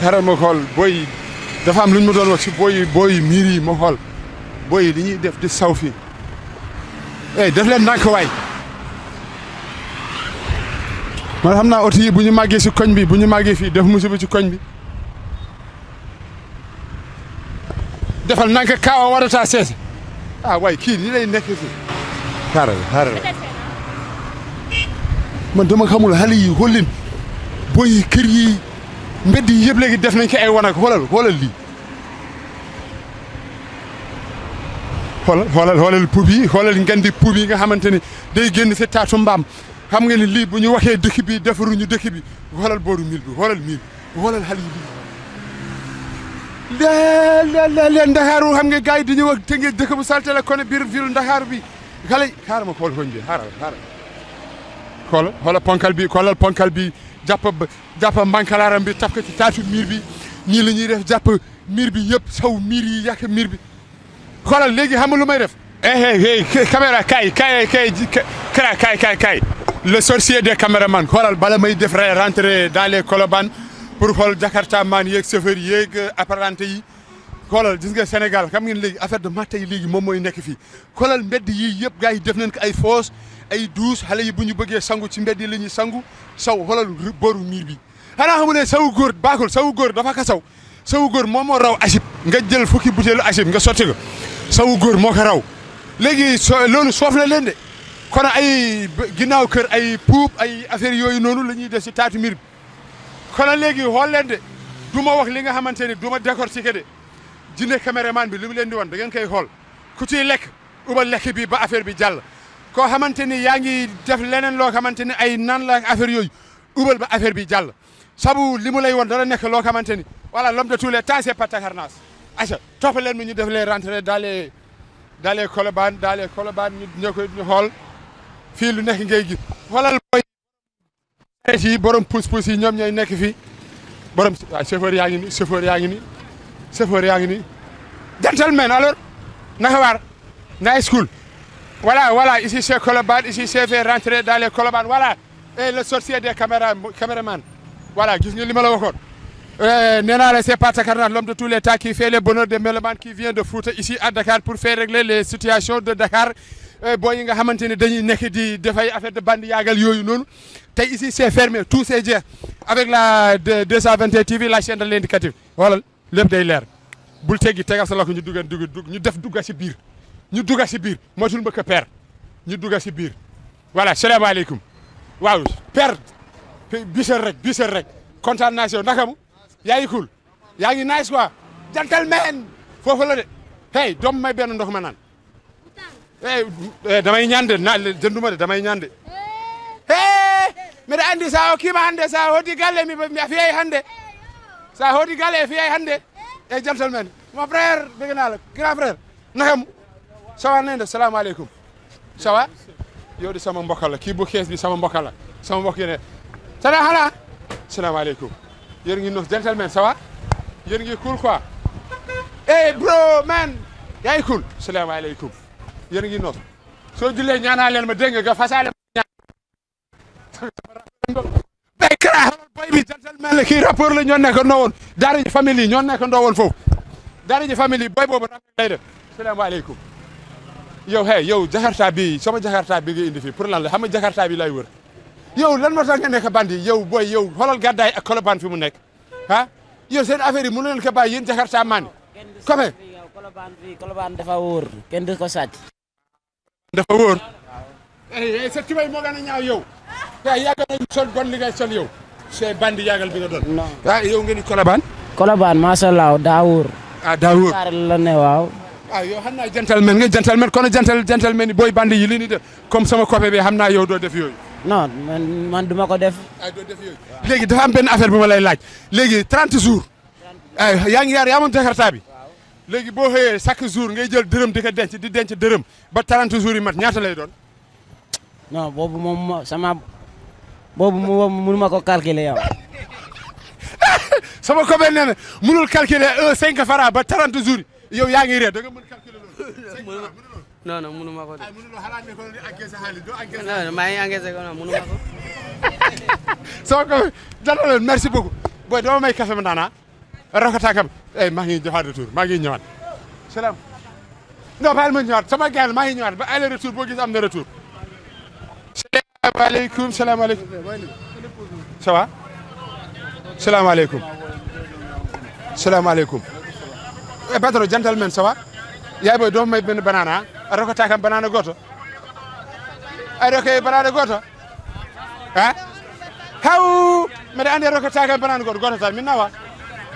xaaral ma dafa am lu ñu doon wax si booy yi yi miir def di saw fii eh def leen ndànk waay man xam naa oto bu ñu màggee ci koñ bi bu ñu màggee fii def musiba ci koñ bi defal ndànk kaawa war a taa seese ah waay kii li lay nekk fii xaaral xaaral ma dama xamul xale yi xollin boy yi kër yi mbedd yi yëpp léegi def nañ ko ay wanag xoolal xoolal lii xoolal xoolal xoolal pub yi xoolal ngandi pub yi nga xamante ni day génn si taatu mbaam xam nga ni lii bu ñu waxee dëkk bii bi defaruñu dëkk bi xoolal booru mil bi xoolal mil xoolal xale yi lii lée Ndakaaru xam nga gars yi dañuy wax te dëkk bu salte la kon biir ville Ndakaaru bi xale yi xaaral ma xoola xoola ponkal bi xoolal ponkal bi jàpp jàpp mbankalaaram bi taf ko ci taatu miir bi ñii la ñuy def jàpp miir bi yëpp saw miir yi yàq miir bi xoolal léegi xam nga lu may def eh eh, eh caméra kay kay kay kra kay kay kay le sorcier des caméramans xoolal bala may def rentrer dans les colobane pour xool jakarta maan yeeg chauffeur yeeg apprenti yi xoolal gis nga Sénégal xam ngeen léegi affaire de matin yi léegi moom mooy nekk fii xoolal mbedd yii yëpp gars yi def nañ ko ay foos ay douche xale yi bu ñu bëggee sangu ci mbeddi yi la ñuy sangu saw xoolal booru miir bi xanaa xamu ne sawu góor baaxul sawu góor dafa ka saw saw góor moom moo raw asib nga jël fukki butéelu asib nga sotti ko saw góor moo ko raw léegi so loolu soof la leen de kon ay ginnaaw kër ay puub ay affaire yooyu noonu la ñuy def si taatu miir bi kon léegi xool leen de du ma wax li nga xamante ne du ma décortiquer de jinne caméraman bi li leen di wan da ngeen koy xool ku ciy lek uba lekk bi ba affaire bi jàll koo xamante ni yaa ngi def leneen loo xamante ni ay nan la affaire yooyu ubal ba affaire bi jàll sabu li mu lay woon dara nekk loo xamante ni voilà l'homme de tous les temps c'est Pape Makhtar Nass aca leen mi ñu def les rentrées dans les dans les Colobane dans les ñu ñoo koy ñu xool fii lu nekk ngay gi xoolal booy arrêté borom pousse ñoom ñooy nekk fii borom waaw chauffeur yaa ngi ni chauffeur yaa ngi ni chauffeur yaa ngi ni gentleman alors naka waar na school Voilà, voilà, ici c'est Colobane, ici c'est fait rentrer dans les Colobane, voilà. Et le sorcier des caméras, caméraman. Voilà, gis nga ma la waxoon. Euh, nee la c'est pas Takarna, l'homme de tous les temps qui fait les bonheurs de Fouta ici à Dakar pour faire régler les situations de Dakar. Euh, boo yi nga xamante ne dañuy nekk di dafay affaire de bande yaagal yooyu noonu tey ici c'est fermé tout c'est jeex avec la 221 TV la chaîne de l'indicatif. voilà lépp day leer bul teggi tegal sa loxo ñu dugg dugg def dugg ci ñu dugg si biir moytul mbëkk père ñu dugg si biir voilà salaamaaleykum waaw père biseel rek biseel rek kontaan naka mu yaa ngi cool yaa ngi nice quoi foofu la de hey doom may benn ndox ma naan eh damay ñaan de naa jënduma de damay ñaan de sa anndi so o kiima hannde so a hoddi galle mi a fiyay hannde so a hoddi galle e fiyay hannde e eh, jantal men mon frère beganala grand frère nakamu sawa nañ def salaamaaleykum sawa yow di sama mbokk la kii bu xees bi sama mbokk la sama mbokk yi ne sana xanaa salaamaaleykum yéen ngi nos gentleman sawa yéen ngi cool quoi hey bro man yaa ngi cool salaamaaleykum yéen ngi nos soo jullee ñaanaa leen ma dégg nga fasaale bay kara boy bi gentleman la kii rapport la ñoo nekk ndoo woon daara ji famille yi ñoo nekk ndoo woon foofu daara ji yi boy boobu rapport lay def salaamaaleykum yow hey yow jakarta bi sama jakarta bi nga indi fii pour lan la xam nga jakarta bi lay wër yow lan moo tax nga nekk bandi yow booy yow xoolal gàddaay ak kolobaan fi mu nekk ah yow seen affaire yi mënu leen ko bàyyi yéen jakarta maani comme kolobaan fii kolobaan dafa wóor kenn du ko sàcc dafa wóor sa a ñaaw yow yaa yàggal nañ sol bon bandi yàggal bi nga doon waaw ah, yow ngeen di kolobaan kolobaan macha allah daa wóor ah daa wóor la waaw ah yow xam naa gentleman nga gentleman kon gentle gentleman yi booy bandi yi li ñuy def comme sama copain bi xam naa yow doo def yooyu. non man man du ko def. ah doo def léegi dafa am benn affaire bu ma lay laaj léegi 30 jours. Ah, yaa ngi yaar yaa moom Jakarta bi. léegi boo xëyee chaque jour ngay jël dërëm di ko denc di denc dërëm ba 30 jours yi mat ñaata lay doon. non boobu moom sama boobu moom mënu ma ko calculer yow. sama copain nee na mënul calculer un 5 francs ba 30 jours yi. yow yaa ngi réer da nga mën calculer loolu. non non mënu ma ko def. non non maa ngi encaissé ko non merci beaucoup. booy dama may café ma daanaa. rokataakam eh maa ngi joxaat retour maa ngi ñëwaat. salaam. non baal ma ñëwaat sama gars maa ngi ñëwaat ba aller retour boo gis am na retour. salaamaaleykum salaamaaleykum. ça va. salaamaaleykum. salaamaaleykum. e eh, badoro gentleman sowa yayboy dof may ben banana a rokkata kam banana goto a rokke banana goto a eh? haw mbeɗa andi a rokkata kam banana goto goto tan min nawa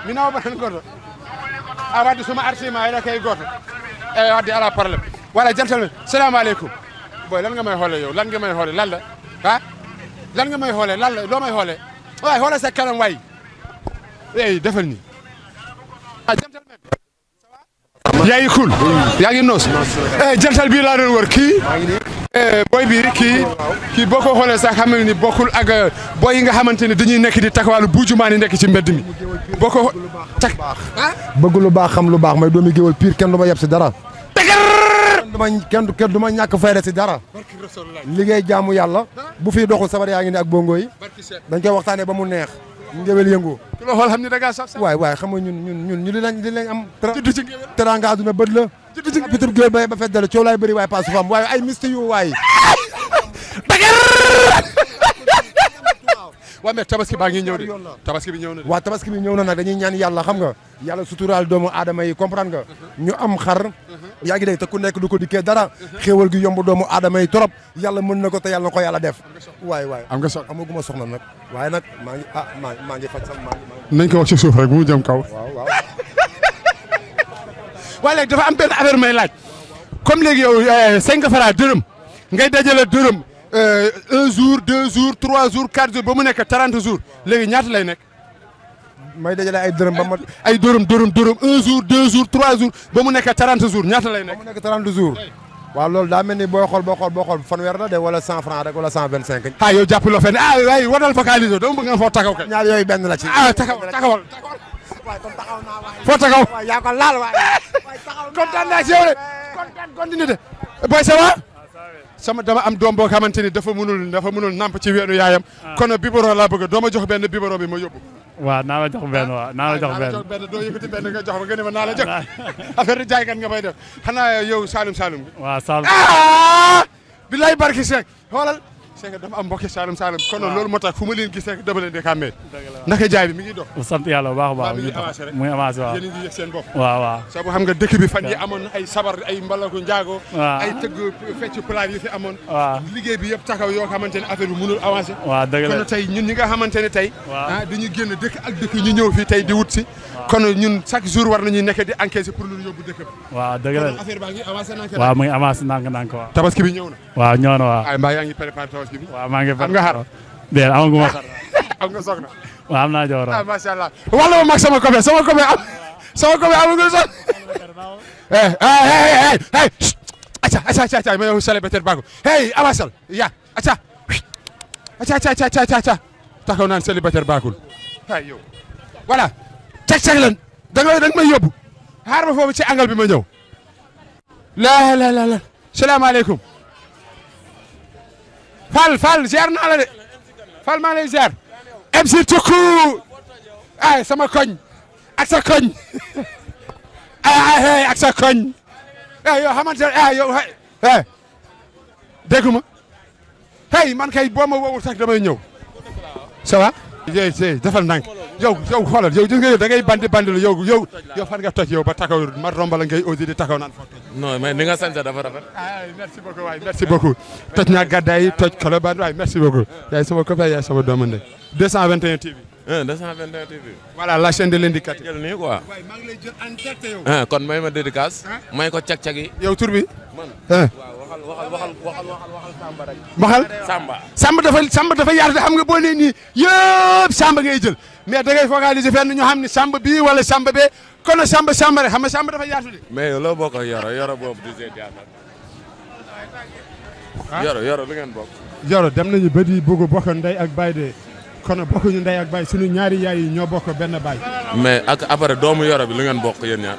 mi nawa a ah, wadde somi artima a rokke goto eyyi eh, wadde ala probléme voilà gentleman salamu aleykum boy lan nga may hoole yow lan nga may hoole lalla ha lan nga may hoole lalla lo may hoole sa kanam way eyi defal ni yaa ngi cool yaa ngi noos eh, jantal bi laa doon wër kii eh, boy bi kii kii boo ko xoolee sax xam ni bokkul ak eh, boy yi nga xamante ne dañuy nekk di taxawaalu buujumaan i nekk ci mbedd mi boo ko tak bëgg lu baax xam lu baax may doomi géwal pire kenn du ma yeb si dara kenn kenn du ma ñàkk fayda si dara liggéey jaamu yàlla bu fi doxul sabar yaa ngi ne ak bongo yi dañ koy waxtaanee ba mu neex ngéwél yëngu ku la xool xam ni da ngaa saf waay waay ñun ñun ñun ñu li lañ li lañ am judd ci ngéwél teraanga aduna bët la judd ci bitub ba ba feddale coow waaye paasu fam waaye ay misti yu waay waaw mais tabaski baa ngi ñëw de tabaski bi ñëw na de. waaw tabaski bi ñëw na nag dañuy ñaan yàlla xam nga yàlla suturaal doomu aadama yi comprendre nga ñu am xar uh-huh. yaa ngi dégg te ku nekk du ko dikkee dara uh-huh. xéewal gi yomb doomu aadama yi trop yàlla mën na ko te yàlla na ko yàlla def waay waay am nga soxla amaguma soxla nag waaye nag maa ngi ah, maa maa ngi faj sax maa ngi nañ ko wax si suuf rek bu mu jëm kaw waaw waaw waaye léegi dafa am benn affaire may laaj comme léegi yow eh, cinq francs dërëm ngay dajale dërëm Euh, un jour deux jours trois jours quatre jours ba mu nekk trente jours léegi ñaata lay nekk. may dajale ay dërëm ba ma ay dërëm dërëm un jour deux jours trois jours ba mu nekk trente jours ñaata lay nekk. ba mu nekk trente daa mel ni booy xool boo xool boo xool fanweer la de wala cent franc rek wala cent vingt cinq. ah yow jàppaloo fenn ah waay wadal focalisé dama bëgg nga foo taxaw kay. ñaar yooyu benn la ci. ah taxaw taxawal. waay kon taxaw naa waay. foo taxaw waay yaa ko laal waay. sama dama am doom boo xamante ni dafa mënul dafa mënul namp ci weenu yaayam. Ah. kon biberon laa bëgg doo ma jox benn biberon bi ma yóbbu. waaw naa la jox benn ah, waaw naa la jox benn waaw benn doo yëkkati benn nga jox ma nga ne ma naa la jox affaire jaay kan nga fay def xanaa yow Saloum Saloum. waaw ah! barki Seck xoolal. c'est que dafa Saalum Saalum kon loolu moo fu ma leen gis rek dama leen di jaay bi mi ngi dox sant yàlla bu baax a baax muy avancé waaw yéen a ngi yëg seen bopp waaw waaw ne affaire bi mënul avancé waaw dëgg la tey ñun ñi nga tey ah dañu génn dëkk ñu ñëw fii tey di wut si kon ñun chaque jour war nañuy nekk di encaisser pour lu yóbbu dëkk bi waaw dëgg la affaire baa tabaski bi ñëw na waaw ñëw na tabaski bi. waaw maa ngi am nga xar déedéet amagu ma xar. am nga soxna. waaw am naa jaww ah macha allah wala ma mag sama copain sama copain am sama copain amagul sax. hey eh, hey eh, eh, hey hey. acca acca acca acca ma yow célibataire bàggu hey avancer ya acca acca acca acca acca taxaw naan célibataire bàggul ay yow voilà cag cag lan da nga da nga may yóbbu xaar ma foofu ci angal bi ma ñëw. la la la la salaamaaleykum. Fall Fall ziar naa la de Fall maa lay ziar MC Tuku ay sama koñ ak sa koñ ay ay ak sa ay yow xamante ne ma hey man kay boo ma wowul sax damay ñëw ça va. jërëjëf defal ndànk. yow yow xoolal yow gis yow da ngay bandi bandi lu yow yow yow fan nga toj yow ba takaw ma rombal ngay aussi di takaw naan foofu. non mais ni nga sant dafa rafet. ah merci beaucoup waay merci beaucoup. toj naa gàddaay toj Colobane waay merci beaucoup. yaay sama copain yaay sama doomu ndey. 221 TV. 221 TV. voilà la chaîne de l'indicateur. jël nii quoi. waay kon may ma dédicace. may ko cag-cag yi. yow tur bi. waxal waxal waxal waxal Samba rek. waxal Samba. Samba dafa Samba dafa yaatu te xam nga boo nee nii yëpp Samba ngay jël mais dangay focaliser fenn ñu xam ne Samba bii wala Samba bee kon Samba Samba rek xam nga Samba dafa yaatu de. mais yow loo bokk ak Yoro Yoro boobu di seet ah Yoro Yoro lu ngeen bokk. Yoro dem nañu ba di bëgg bokk ndey ak baay de kon bokkuñu ndey ak baay suñu ñaari yaay yi ñoo bokk benn baay. mais ak après doomu Yoro bi lu ngeen bokk yéen ñaar.